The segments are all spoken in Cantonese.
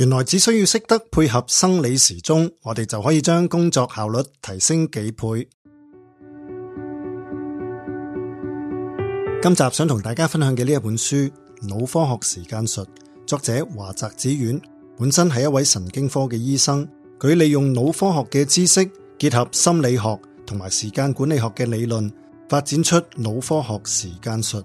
原來只需要識得配合生理時鐘，我哋就可以將工作效率提升幾倍。今集想同大家分享嘅呢一本書《腦科學時間術》，作者樺澤紫苑本身係一位神經科嘅醫生，佢利用腦科學嘅知識，結合心理學同埋時間管理學嘅理論，發展出腦科學時間術。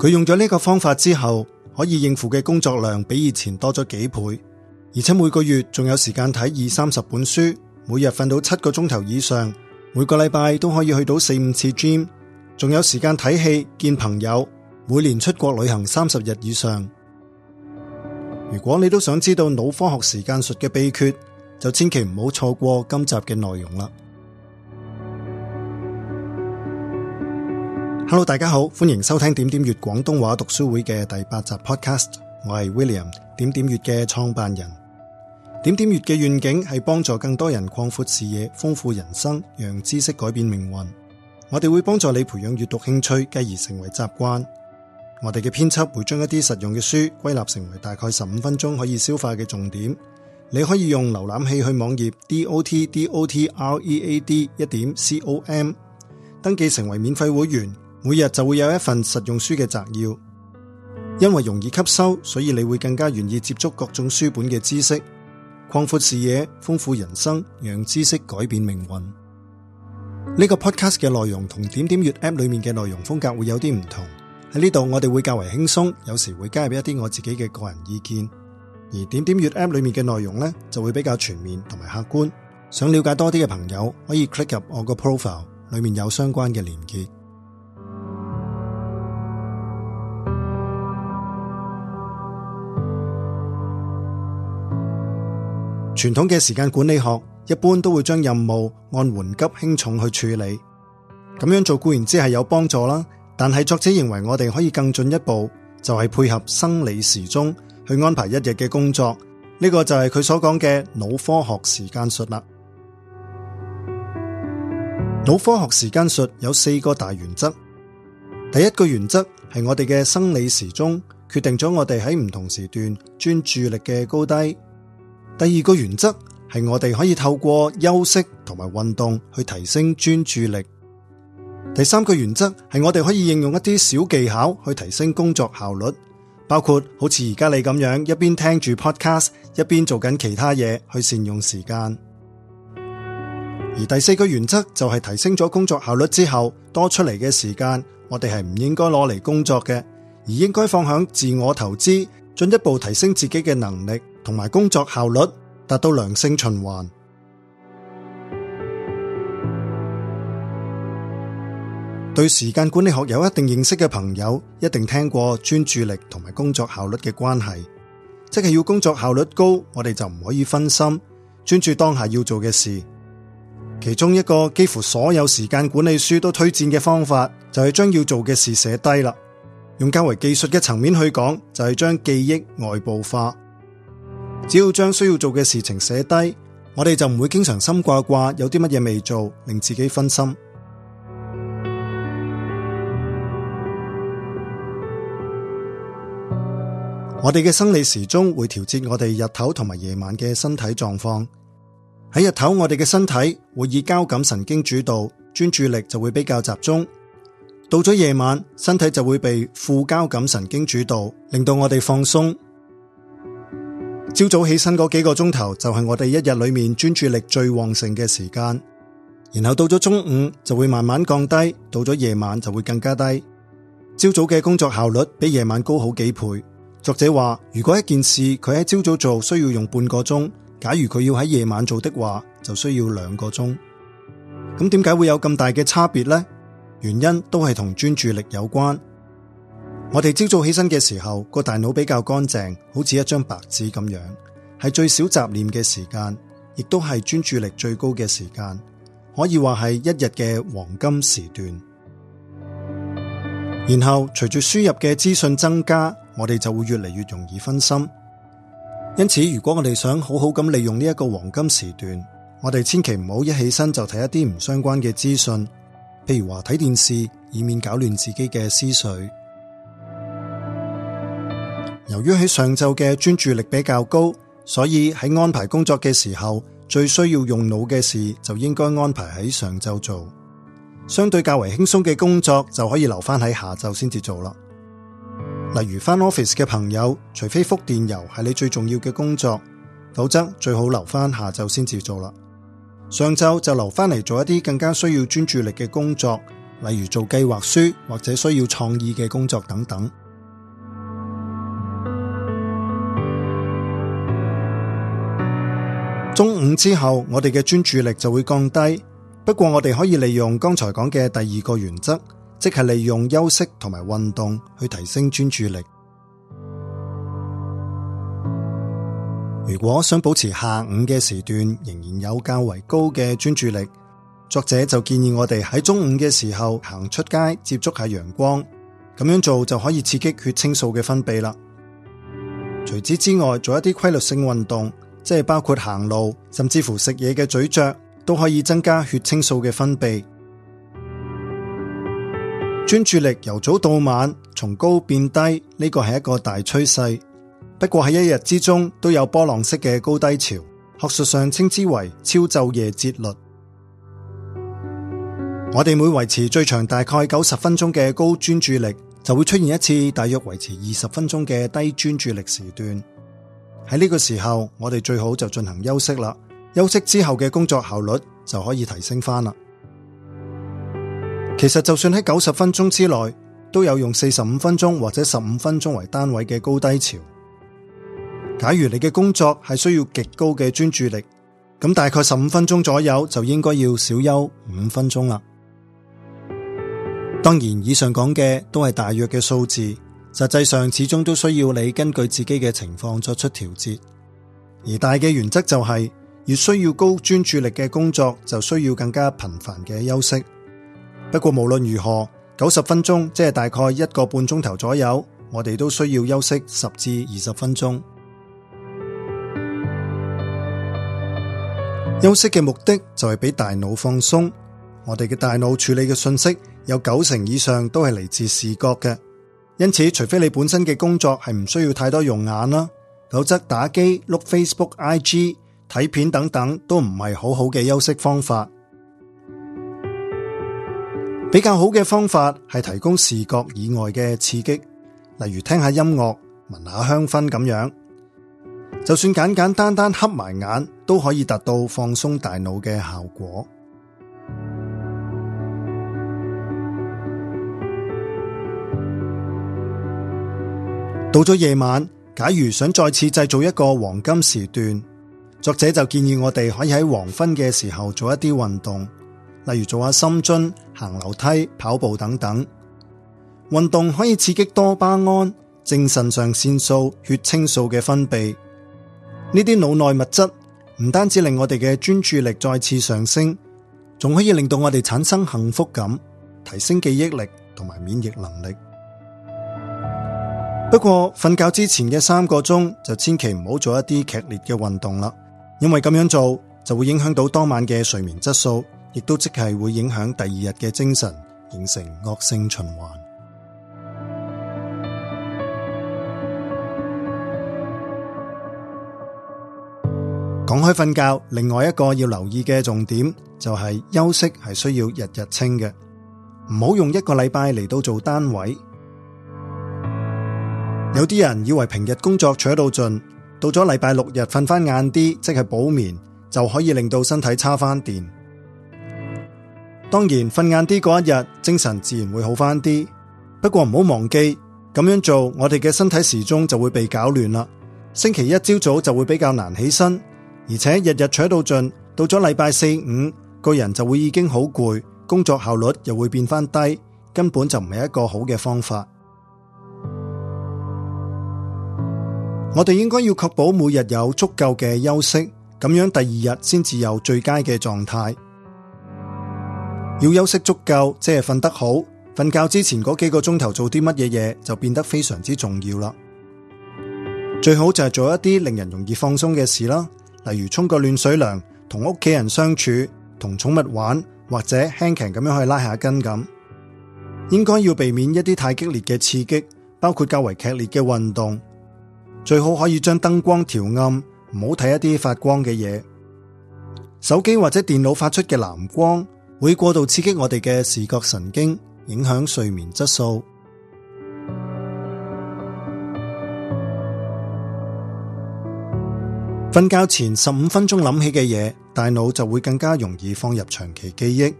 佢用咗呢個方法之後，可以應付嘅工作量比以前多咗幾倍，而且每個月仲有時間睇二三十本書，每日瞓到七個鐘頭以上，每個禮拜都可以去到四五次 gym，仲有時間睇戲、見朋友，每年出國旅行三十日以上。如果你都想知道腦科學時間術嘅秘訣，就千祈唔好錯過今集嘅內容啦。Hello，大家好，歡迎收聽點點粵廣東話讀書會嘅第八集 podcast。我係 William，點點粵嘅創辦人。點點粵嘅願景係幫助更多人擴闊視野、豐富人生，讓知識改變命運。我哋會幫助你培養閱讀興趣，繼而成為習慣。我哋嘅編輯會將一啲實用嘅書歸納成為大概十五分鐘可以消化嘅重點。你可以用瀏覽器去網頁 dot dot read 一點 com，登記成為免費會員。每日就會有一份實用書嘅摘要，因為容易吸收，所以你會更加願意接觸各種書本嘅知識，擴闊視野，豐富人生，讓知識改變命運。呢個 podcast 嘅內容同點點閱 app 裏面嘅內容風格會有啲唔同。喺呢度我哋會較為輕鬆，有時會加入一啲我自己嘅個人意見。而點點閱 app 裏面嘅內容呢，就會比較全面同埋客觀。想了解多啲嘅朋友可以 click 入我個 profile，裏面有相關嘅連結。傳統嘅時間管理學一般都會將任務按緩急輕重去處理，咁樣做固然之係有幫助啦。但係作者認為我哋可以更進一步，就係配合生理時鐘去安排一日嘅工作。呢個就係佢所講嘅腦科學時間術啦。腦科學時間術有四個大原則。第一個原則係我哋嘅生理時鐘決定咗我哋喺唔同時段專注力嘅高低。第二個原則係我哋可以透過休息同埋運動去提升專注力。第三個原則係我哋可以應用一啲小技巧去提升工作效率，包括好似而家你咁樣一邊聽住 podcast 一邊做緊其他嘢去善用時間。而第四個原則就係提升咗工作效率之後多出嚟嘅時間，我哋係唔應該攞嚟工作嘅，而應該放響自我投資，進一步提升自己嘅能力。同埋工作效率達到良性循環。對時間管理學有一定認識嘅朋友，一定聽過專注力同埋工作效率嘅關係，即係要工作效率高，我哋就唔可以分心，專注當下要做嘅事。其中一個幾乎所有時間管理書都推薦嘅方法，就係將要做嘅事寫低啦。用較為技術嘅層面去講，就係將記憶外部化。只要將需要做嘅事情寫低，我哋就唔會經常心掛掛，有啲乜嘢未做，令自己分心。 我哋嘅生理時鐘會調節我哋日頭同埋夜晚嘅身體狀況。喺日頭，我哋嘅身體會以交感神經主導，專注力就會比較集中。到咗夜晚，身體就會被副交感神經主導，令到我哋放鬆。朝早起身嗰幾個鐘頭就係我哋一日裏面專注力最旺盛嘅時間，然後到咗中午就會慢慢降低，到咗夜晚就會更加低。朝早嘅工作效率比夜晚高好幾倍。作者話，如果一件事佢喺朝早做需要用半個鐘，假如佢要喺夜晚做的話，就需要兩個鐘。咁點解會有咁大嘅差別呢？原因都係同專注力有關。我哋朝早起身嘅時候，個大腦比較乾淨，好似一張白紙咁樣，係最少雜念嘅時間，亦都係專注力最高嘅時間，可以話係一日嘅黃金時段。然後隨住輸入嘅資訊增加，我哋就會越嚟越容易分心。因此，如果我哋想好好咁利用呢一個黃金時段，我哋千祈唔好一起身就睇一啲唔相關嘅資訊，譬如話睇電視，以免搞亂自己嘅思緒。由於喺上晝嘅專注力比較高，所以喺安排工作嘅時候，最需要用腦嘅事就應該安排喺上晝做，相對較為輕鬆嘅工作就可以留返喺下晝先至做啦。例如返 office 嘅朋友，除非覆電郵係你最重要嘅工作，否則最好留返下晝先至做啦。上晝就留返嚟做一啲更加需要專注力嘅工作，例如做計劃書或者需要創意嘅工作等等。中午之後，我哋嘅專注力就會降低。不過，我哋可以利用剛才講嘅第二個原則，即係利用休息同埋運動去提升專注力。如果想保持下午嘅時段仍然有較為高嘅專注力，作者就建議我哋喺中午嘅時候行出街，接觸下陽光。咁樣做就可以刺激血清素嘅分泌啦。除此之外，做一啲規律性運動。即係包括行路，甚至乎食嘢嘅咀嚼，都可以增加血清素嘅分泌。專注力由早到晚，從高變低，呢個係一個大趨勢。不過喺一日之中，都有波浪式嘅高低潮，學術上稱之為超晝夜節律。我哋每維持最長大概九十分鐘嘅高專注力，就會出現一次大約維持二十分鐘嘅低專注力時段。喺呢個時候，我哋最好就進行休息啦。休息之後嘅工作效率就可以提升翻啦。其實就算喺九十分鐘之內，都有用四十五分鐘或者十五分鐘為單位嘅高低潮。假如你嘅工作係需要極高嘅專注力，咁大概十五分鐘左右就應該要小休五分鐘啦。當然，以上講嘅都係大約嘅數字。實際上始終都需要你根據自己嘅情況作出調節，而大嘅原則就係越需要高專注力嘅工作，就需要更加頻繁嘅休息。不過無論如何，九十分鐘即係大概一個半鐘頭左右，我哋都需要休息十至二十分鐘。休息嘅目的就係俾大腦放鬆。我哋嘅大腦處理嘅信息有九成以上都係嚟自視覺嘅。因此，除非你本身嘅工作係唔需要太多用眼啦，否則打機、碌 Facebook、IG、睇片等等，都唔係好好嘅休息方法。比較好嘅方法係提供視覺以外嘅刺激，例如聽下音樂、聞下香薰咁樣。就算簡簡單單瞌埋眼，都可以達到放鬆大腦嘅效果。到咗夜晚，假如想再次製造一個黃金時段，作者就建議我哋可以喺黃昏嘅時候做一啲運動，例如做下深蹲、行樓梯、跑步等等。運動可以刺激多巴胺、精神上腺素、血清素嘅分泌，呢啲腦內物質唔單止令我哋嘅專注力再次上升，仲可以令到我哋產生幸福感，提升記憶力同埋免疫能力。不過瞓覺之前嘅三個鐘就千祈唔好做一啲劇烈嘅運動啦，因為咁樣做就會影響到當晚嘅睡眠質素，亦都即係會影響第二日嘅精神，形成惡性循環。講開瞓覺，另外一個要留意嘅重點就係休息係需要日日清嘅，唔好用一個禮拜嚟到做單位。有啲人以為平日工作取到盡，到咗禮拜六日瞓翻晏啲，即係補眠，就可以令到身體差翻電。當然瞓晏啲嗰一日，精神自然會好翻啲。不過唔好忘記咁樣做，我哋嘅身體時鐘就會被搞亂啦。星期一朝早就會比較難起身，而且日日取到盡，到咗禮拜四五，個人就會已經好攰，工作效率又會變翻低，根本就唔係一個好嘅方法。我哋應該要確保每日有足夠嘅休息，咁樣第二日先至有最佳嘅狀態。要休息足夠，即係瞓得好。瞓覺之前嗰幾個鐘頭做啲乜嘢嘢，就變得非常之重要啦。最好就係做一啲令人容易放鬆嘅事啦，例如沖個暖水涼，同屋企人相處，同寵物玩，或者輕輕咁樣去拉下筋咁。應該要避免一啲太激烈嘅刺激，包括較為劇烈嘅運動。最好可以將燈光調暗，唔好睇一啲發光嘅嘢。手機或者電腦發出嘅藍光會過度刺激我哋嘅視覺神經，影響睡眠質素。瞓覺前十五分鐘諗起嘅嘢，大腦就會更加容易放入長期記憶。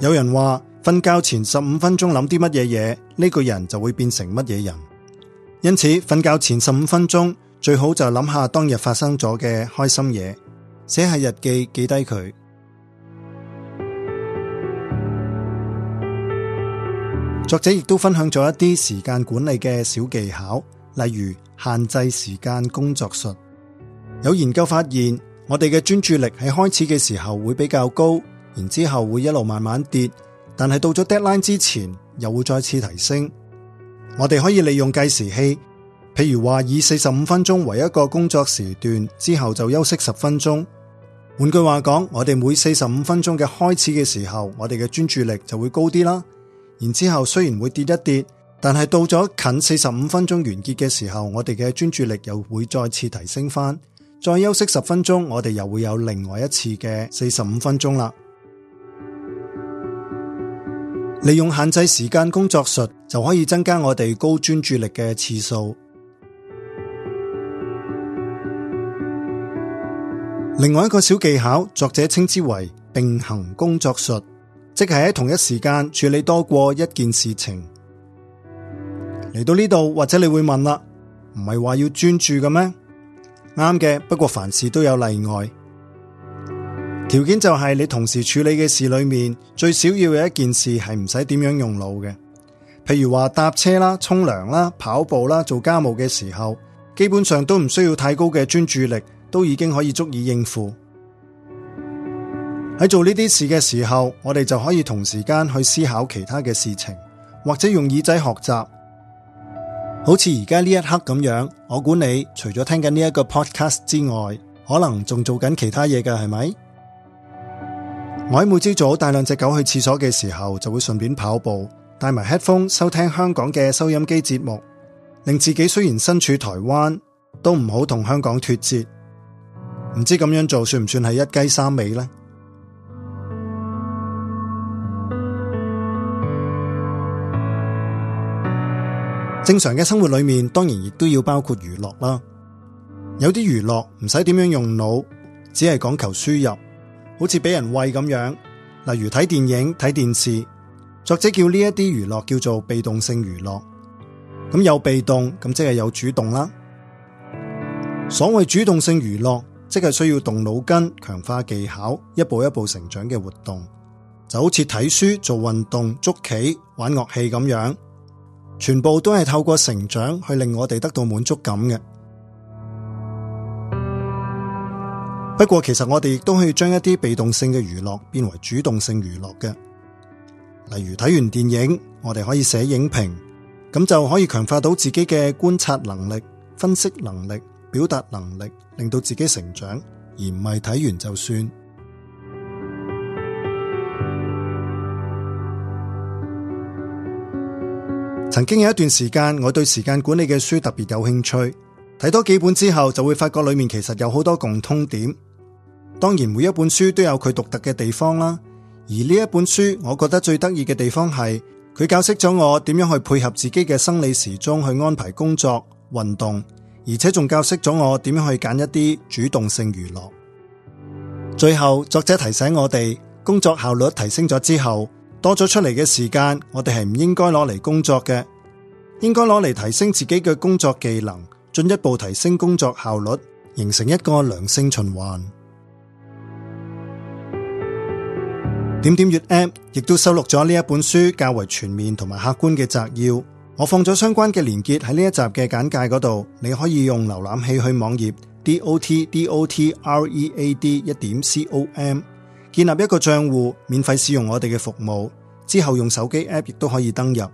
有人話，瞓覺前十五分鐘諗啲乜嘢嘢，呢個人就會變成乜嘢人。因此，瞓覺前十五分鐘最好就諗下當日發生咗嘅開心嘢，寫下日記記低佢。作者亦都分享咗一啲時間管理嘅小技巧，例如限制時間工作術。有研究發現，我哋嘅專注力喺開始嘅時候會比較高，然之後會一路慢慢跌，但係到咗 deadline 之前，又會再次提升。我哋可以利用計時器，譬如話以四十五分鐘為一個工作時段，之後就休息十分鐘。換句話講，我哋每四十五分鐘嘅開始嘅時候，我哋嘅專注力就會高啲啦。然之後雖然會跌一跌，但係到咗近四十五分鐘完結嘅時候，我哋嘅專注力又會再次提升翻。再休息十分鐘，我哋又會有另外一次嘅四十五分鐘啦。利用限制時間工作術，就可以增加我哋高專注力嘅次數。另外一個小技巧，作者稱之為並行工作術，即係喺同一時間處理多過一件事情。嚟到呢度，或者你會問啦，唔係話要專注嘅咩？啱嘅，不過凡事都有例外。條件就係你同時處理嘅事裏面最少要有一件事係唔使點樣用腦嘅，譬如話搭車啦、沖涼啦、跑步啦、做家務嘅時候，基本上都唔需要太高嘅專注力，都已經可以足以應付。喺做呢啲事嘅時候，我哋就可以同時間去思考其他嘅事情，或者用耳仔學習。好似而家呢一刻咁樣，我管你除咗聽緊呢一個 podcast 之外，可能仲做緊其他嘢嘅，係咪？我喺每朝早帶兩隻狗去廁所嘅時候，就會順便跑步，帶埋 headphone 收聽香港嘅收音機節目，令自己雖然身處台灣，都唔好同香港脫節。唔知咁樣做算唔算係一雞三尾呢？正常嘅生活裏面，當然亦都要包括娛樂啦。有啲娛樂唔使點樣用腦，只係講求輸入。好似俾人餵咁樣，例如睇電影、睇電視，作者叫呢一啲娛樂叫做被動性娛樂。咁有被動，咁即係有主動啦。所謂主動性娛樂，即係需要動腦筋、強化技巧、一步一步成長嘅活動，就好似睇書、做運動、捉棋、玩樂器咁樣，全部都係透過成長去令我哋得到滿足感嘅。不過，其實我哋亦都可以將一啲被動性嘅娛樂變為主動性娛樂嘅，例如睇完電影，我哋可以寫影評，咁就可以強化到自己嘅觀察能力、分析能力、表達能力，令到自己成長，而唔係睇完就算。曾經有一段時間，我對時間管理嘅書特別有興趣，睇多幾本之後，就會發覺裏面其實有好多共通點。當然，每一本書都有佢獨特嘅地方啦。而呢一本書，我覺得最得意嘅地方係佢教識咗我點樣去配合自己嘅生理時鐘去安排工作、運動，而且仲教識咗我點樣去揀一啲主動性娛樂。最後，作者提醒我哋，工作效率提升咗之後，多咗出嚟嘅時間，我哋係唔應該攞嚟工作嘅，應該攞嚟提升自己嘅工作技能，進一步提升工作效率，形成一個良性循環。點點閱 App 亦都收錄咗呢一本書較為全面同埋客觀嘅摘要。我放咗相關嘅連結喺呢一集嘅簡介嗰度，你可以用瀏覽器去網頁 dot dot read 一點 com 建立一個賬戶，免費試用我哋嘅服務。之後用手機 App 亦都可以登入。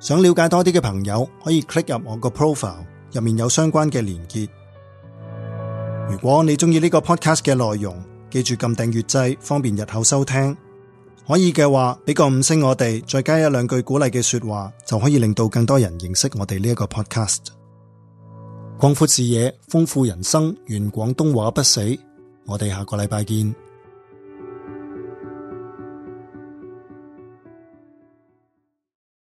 想了解多啲嘅朋友可以 click 入我個 profile，入面有相關嘅連結。如果你中意呢個 podcast 嘅內容，記住撳訂閱掣，方便日後收聽。可以嘅話，俾個五星我哋，再加一兩句鼓勵嘅說話，就可以令到更多人認識我哋呢一個 podcast。擴闊視野，豐富人生，願廣東話不死。我哋下個禮拜見。